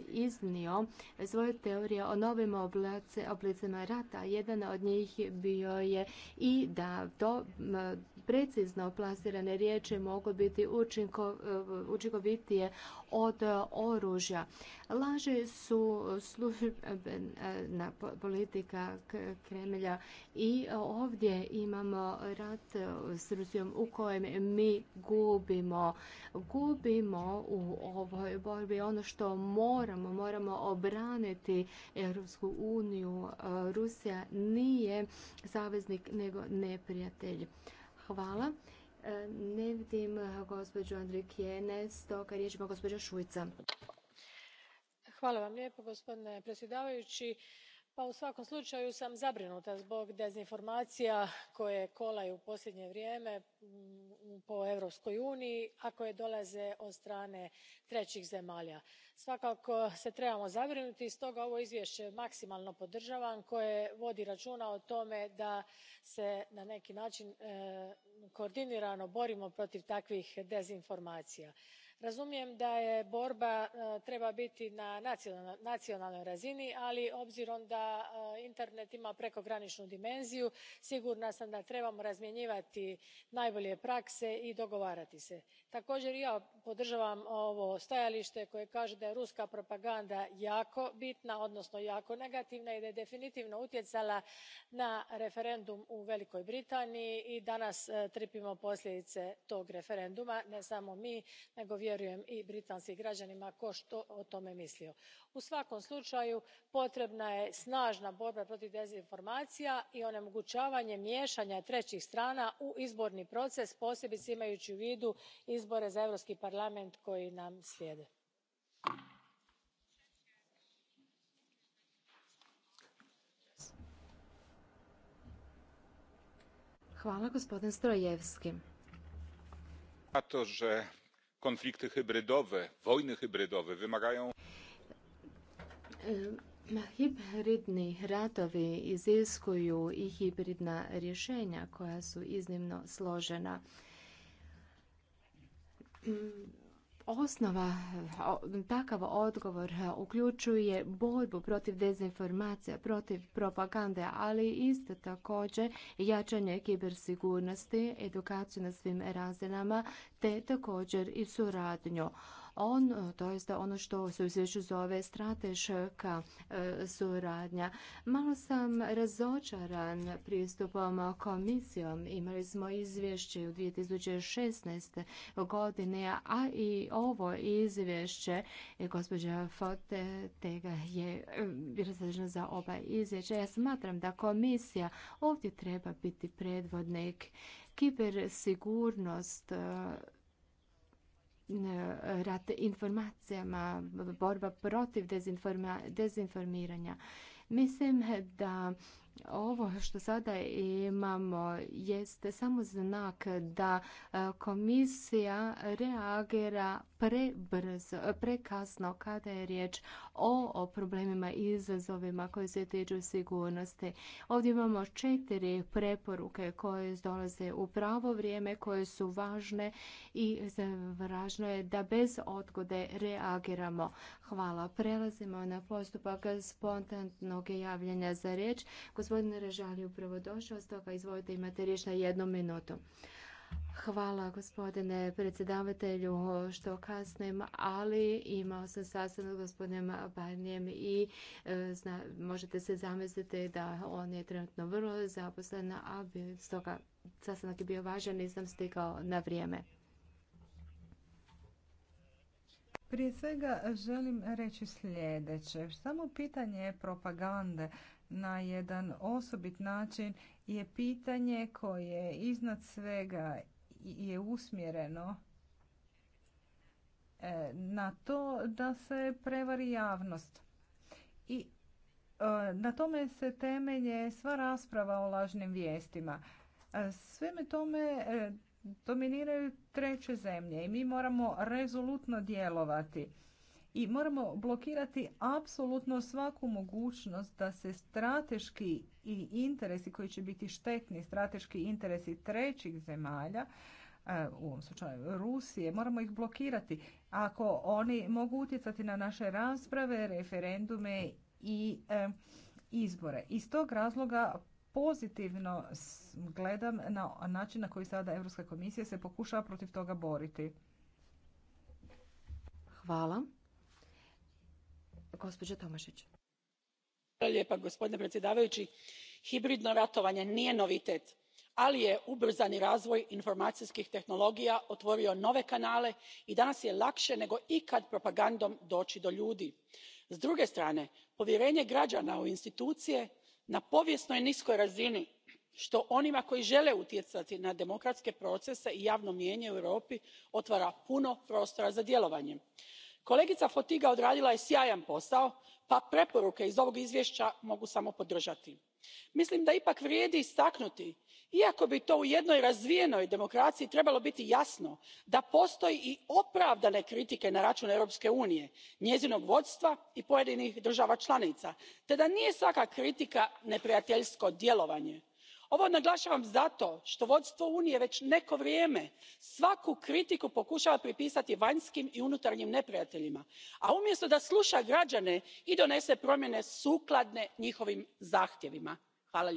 iznio svoje teorije o novim oblicima rata. Jedan od njih bio je i da to precizno plasirane riječi mogu biti eh, učinkovitije od eh, oružja. Laži su službena politika Kremlja i ovdje imamo rat eh, s Rusijom u kojem mi gubimo. Gubimo u ovoj borbi ono što moramo, moramo obraniti Europsku uniju. Rusija nije saveznik nego neprijatelj. Hvala. E, ne vidim e, gospođu Andrikijene, stoga riječ ima gospođa Šuica. Hvala vam lijepo, gospodine predsjedavajući pa u svakom slučaju sam zabrinuta zbog dezinformacija koje kolaju u posljednje vrijeme mm, po europskoj uniji a koje dolaze od strane trećih zemalja. svakako se trebamo zabrinuti i stoga ovo izvješće maksimalno podržavam koje vodi računa o tome da se na neki način e, koordinirano borimo protiv takvih dezinformacija razumijem da borba e, treba biti na nacionalnoj razini ali obzirom da e, internet ima prekograninu dimenziju sigurna sam da trebamo razmjenjivati najbolje prakse i dogovarati se. Također i ja podržavam ovo stajalite koje kaže da je ruska propaganda jako bitna odnosno jako negativna i da je definitivno utjecala na referendum u velikoj britaniji i danas e, trpimo posljedice tog referenduma ne samo mi nego vjerujem i britanskim graanima tko to o tome mislio. u svakom slučaju potrebna je snana borba protiv dezinformacija i onemogućavanje mijeanja treih strana u izborni proces posebice imajui u vidu izbore za europski parlament koji nam slijede konflikty hybrydowe wojny hybrydowe wymagają Hibridni ratovi iziskuju i hibridna rješenja koja su iznimno složena osnova, takav odgovor uključuje borbu protiv dezinformacija, protiv propagande, ali isto također jačanje kibersigurnosti, edukaciju na svim razinama, te također i suradnju on, to je ono što se u izvješću zove strateška e, suradnja. Malo sam razočaran pristupom komisijom. Imali smo izvješće u 2016. godine, a i ovo izvješće e, gospođa Fote Tega je bila e, za oba izvješća. Ja smatram da komisija ovdje treba biti predvodnik kibersigurnost E, rat informacijama, borba protiv dezinformiranja. Mislim da ovo što sada imamo jeste samo znak da e, komisija reagira prebrzo, prekasno kada je riječ o problemima i izazovima koji se tiču sigurnosti. Ovdje imamo četiri preporuke koje dolaze u pravo vrijeme, koje su važne i važno je da bez odgode reagiramo. Hvala. Prelazimo na postupak spontanog javljanja za riječ gospodine Režal je upravo došao, stoga izvolite imate riječ na jednu minutu. Hvala gospodine predsjedavatelju što kasnem, ali imao sam sastanak s gospodinom Barnijem i e, možete se zamisliti da on je trenutno vrlo zaposlen, a bi, stoga sastanak je bio važan, nisam stigao na vrijeme. Prije svega želim reći sljedeće. Samo pitanje je propagande na jedan osobit način je pitanje koje iznad svega je usmjereno e, na to da se prevari javnost. I e, na tome se temelje sva rasprava o lažnim vijestima. E, sveme tome dominiraju treće zemlje i mi moramo rezolutno djelovati i moramo blokirati apsolutno svaku mogućnost da se strateški i interesi koji će biti štetni, strateški interesi trećih zemalja, e, u ovom slučaju Rusije, moramo ih blokirati ako oni mogu utjecati na naše rasprave, referendume i e, izbore. Iz tog razloga pozitivno gledam na način na koji sada Europska komisija se pokušava protiv toga boriti. Hvala gospodine predsjedavajući hibridno ratovanje nije novitet ali je ubrzani razvoj informacijskih tehnologija otvorio nove kanale i danas je lakše nego ikad propagandom doći do ljudi. s druge strane povjerenje građana u institucije na povijesno je niskoj razini što onima koji žele utjecati na demokratske procese i javno mnijenje u europi otvara puno prostora za djelovanje kolegica Fotiga odradila je sjajan posao pa preporuke iz ovog izvješća mogu samo podržati. mislim da ipak vrijedi istaknuti iako bi to u jednoj razvijenoj demokraciji trebalo biti jasno da postoje i opravdane kritike na račun europske unije njezinog vodstva i pojedinih država članica te da nije svaka kritika neprijateljsko djelovanje ovo naglašavam zato što vodstvo unije već neko vrijeme svaku kritiku pokušava pripisati vanjskim i unutarnjim neprijateljima a umjesto da sluša građane i donese promjene sukladne njihovim zahtjevima. hvala.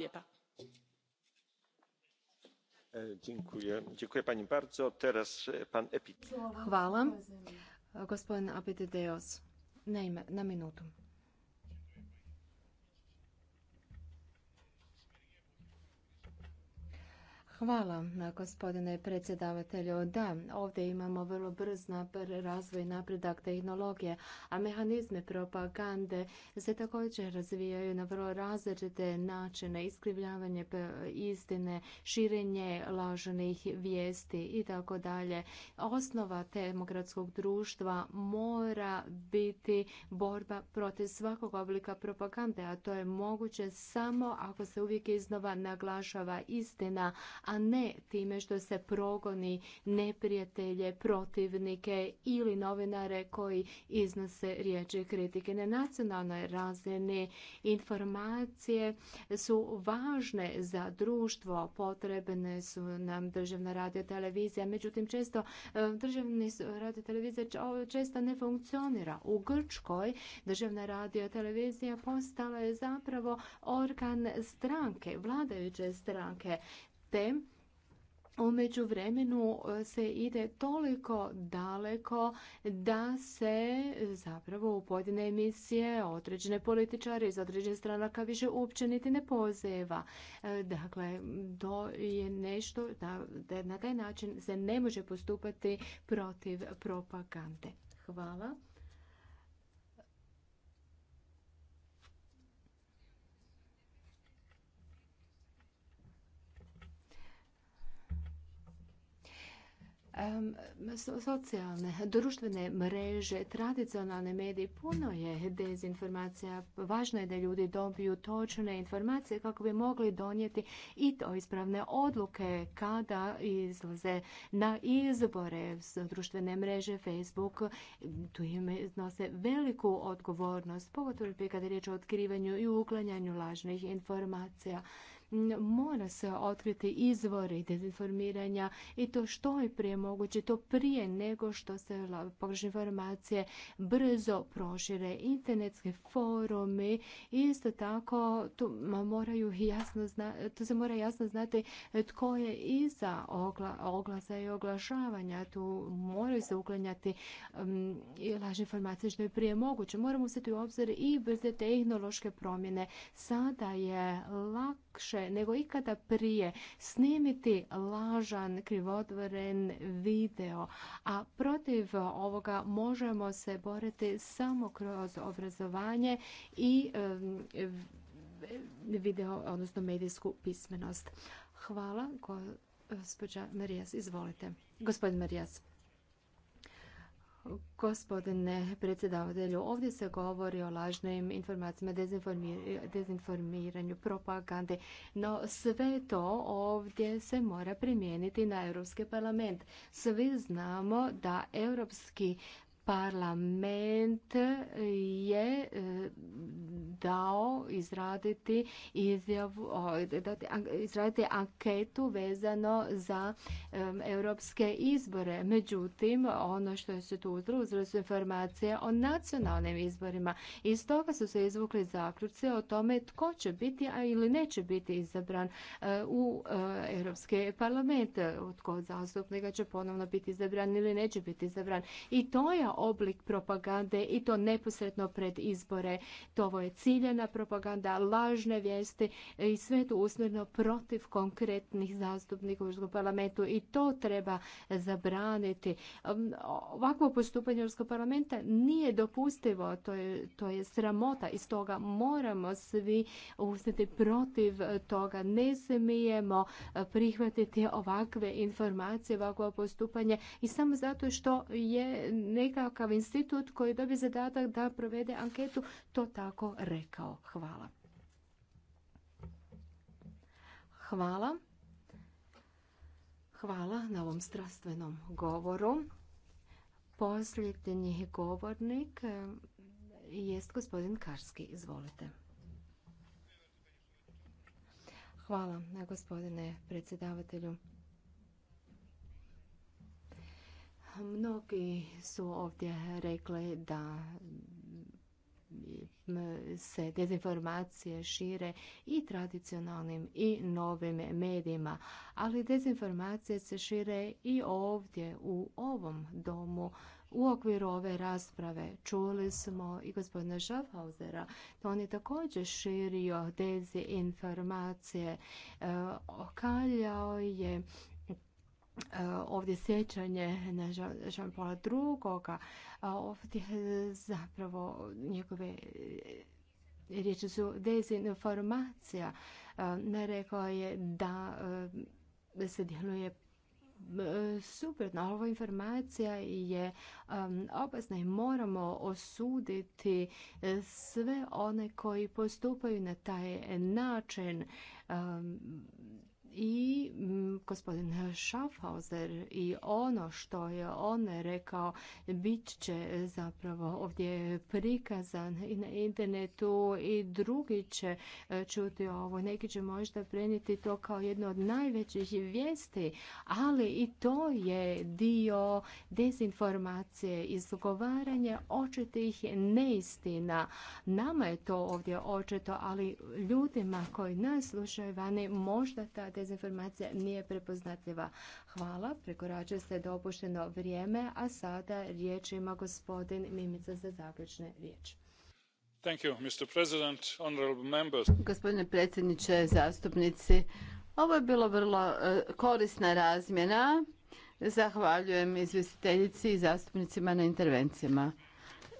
Hvala, gospodine predsjedavatelju. Da, ovdje imamo vrlo brz razvoj napredak tehnologije, a mehanizme propagande se također razvijaju na vrlo različite načine, iskrivljavanje istine, širenje lažnih vijesti i tako dalje. Osnova demokratskog društva mora biti borba protiv svakog oblika propagande, a to je moguće samo ako se uvijek iznova naglašava istina, a ne time što se progoni neprijatelje, protivnike ili novinare koji iznose riječi kritike. Na nacionalnoj razini informacije su važne za društvo, potrebne su nam državna radio televizija, međutim često e, državni radio televizija često ne funkcionira. U Grčkoj državna radio televizija postala je zapravo organ stranke, vladajuće stranke te u međuvremenu e, se ide toliko daleko da se e, zapravo u pojedine emisije određene političare iz određenih stranaka više uopće niti ne pozeva. E, dakle, to je nešto da na taj način se ne može postupati protiv propagande. Hvala. socijalne, društvene mreže, tradicionalne medije, puno je dezinformacija. Važno je da ljudi dobiju točne informacije kako bi mogli donijeti i to ispravne odluke kada izlaze na izbore. Društvene mreže, Facebook, tu im iznose veliku odgovornost, pogotovo kada je riječ o otkrivanju i uklanjanju lažnih informacija mora se otkriti izvori dezinformiranja i to što je prije moguće, to prije nego što se pogrešne informacije brzo prošire. Internetske forumi isto tako tu moraju jasno zna, tu se mora jasno znati tko je iza oglasa i oglašavanja. Tu moraju se uklanjati um, lažne informacije što je prije moguće. Moramo uzeti u obzir i brze tehnološke promjene. Sada je lako lakše nego ikada prije snimiti lažan, krivotvoren video, a protiv ovoga možemo se boriti samo kroz obrazovanje i video, odnosno medijsku pismenost. Hvala, gospođa Marijas, izvolite. Gospodin Marijas. Gospodine predsjedavatelju, ovdje se govori o lažnim informacijama, dezinformiranju, propagande, no sve to ovdje se mora primijeniti na Europski parlament. Svi znamo da Europski parlament je e, dao izraditi izjavu, izraditi anketu vezano za e, europske izbore. Međutim, ono što se tu uzelo, su informacije o nacionalnim izborima. Iz toga su se izvukli zaključci o tome tko će biti, a ili neće biti izabran e, u europske parlamente. Tko zastupnika će ponovno biti izabran ili neće biti izabran. I to je oblik propagande i to neposredno pred izbore. To je ciljena propaganda, lažne vijesti i sve to usmjerno protiv konkretnih zastupnika u Europskom parlamentu i to treba zabraniti. Um, ovakvo postupanje Europskog parlamenta nije dopustivo, to je, to je sramota i stoga moramo svi ustati protiv toga. Ne smijemo uh, prihvatiti ovakve informacije, ovakvo postupanje i samo zato što je neka takav institut koji dobije zadatak da provede anketu to tako rekao. Hvala. Hvala. Hvala na ovom strastvenom govoru. Posljednji govornik eh, jest gospodin Karski. Izvolite. Hvala, eh, gospodine predsjedavatelju. Mnogi su ovdje rekli da se dezinformacije šire i tradicionalnim i novim medijima, ali dezinformacije se šire i ovdje u ovom domu u okviru ove rasprave čuli smo i gospodina Schaffhausera da on je također širio dezinformacije. E, okaljao je E, ovdje sjećanje na Jean Paula drugoga, ovdje zapravo njegove riječi su dezinformacija. E, ne rekao je da e, se djeluje suprotno. Ova informacija je opasna i moramo osuditi sve one koji postupaju na taj način i mm, gospodin Schaffhauser i ono što je on rekao bit će zapravo ovdje prikazan i na internetu i drugi će e, čuti ovo. Neki će možda prenijeti to kao jedno od najvećih vijesti, ali i to je dio dezinformacije, izgovaranje očitih neistina. Nama je to ovdje očito, ali ljudima koji nas slušaju vani možda ta informacija nije prepoznatljiva. Hvala, prekoračuje se dopušteno vrijeme, a sada riječ ima gospodin Mimica za zaključne riječi. Gospodine predsjedniče, zastupnici, ovo je bilo vrlo e, korisna razmjena. Zahvaljujem izvjestiteljici i zastupnicima na intervencijama.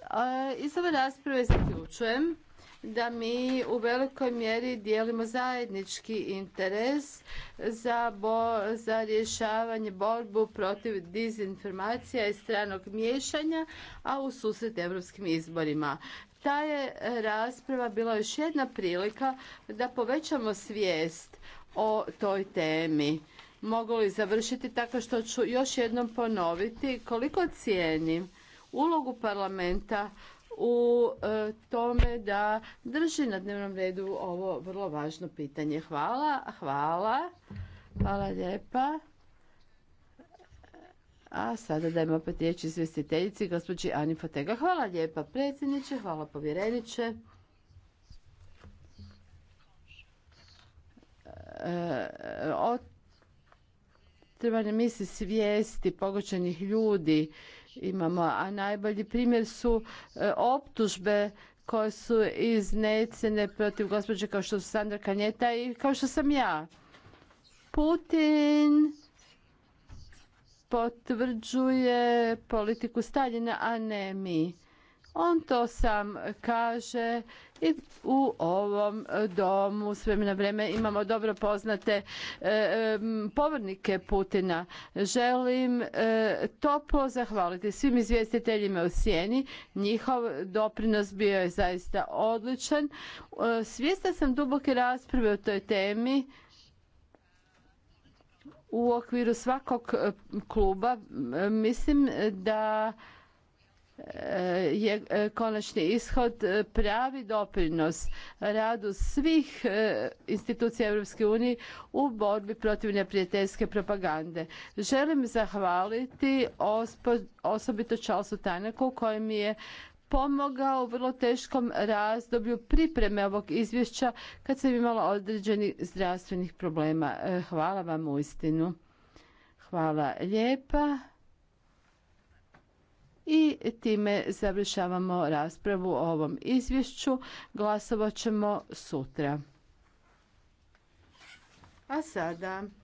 E, iz ove rasprave zaključujem da mi u velikoj mjeri dijelimo zajednički interes za, bo, za rješavanje borbu protiv dizinformacija i stranog miješanja, a u susret europskim izborima. Ta je rasprava bila još jedna prilika da povećamo svijest o toj temi. Mogu li završiti tako što ću još jednom ponoviti koliko cijenim ulogu parlamenta u e, tome da drži na dnevnom redu ovo vrlo važno pitanje. Hvala, hvala, hvala lijepa. A sada dajmo opet riječ izvjestiteljici, gospođi Ani Fotega. Hvala lijepa predsjedniče, hvala povjereniče. E, Otrebanje misli svijesti pogoćenih ljudi imamo, a najbolji primjer su e, optužbe koje su iznecene protiv gospođe kao što su Sandra Kanjeta i kao što sam ja. Putin potvrđuje politiku Staljina, a ne mi. On to sam kaže i u ovom domu s na vrijeme imamo dobro poznate e, povrnike Putina. Želim e, toplo zahvaliti svim izvjestiteljima u sjeni. Njihov doprinos bio je zaista odličan. E, svjesna sam duboke rasprave o toj temi u okviru svakog e, kluba. Mislim da E, je e, konačni ishod e, pravi doprinos radu svih institucija Europske unije u borbi protiv neprijateljske propagande. Želim zahvaliti osobito Charlesu Tanaku koji mi je pomogao u vrlo teškom razdoblju pripreme ovog izvješća kad sam imala određenih zdravstvenih problema. Hvala vam uistinu. Hvala lijepa. I time završavamo raspravu o ovom izvješću. Glasovat ćemo sutra. A sada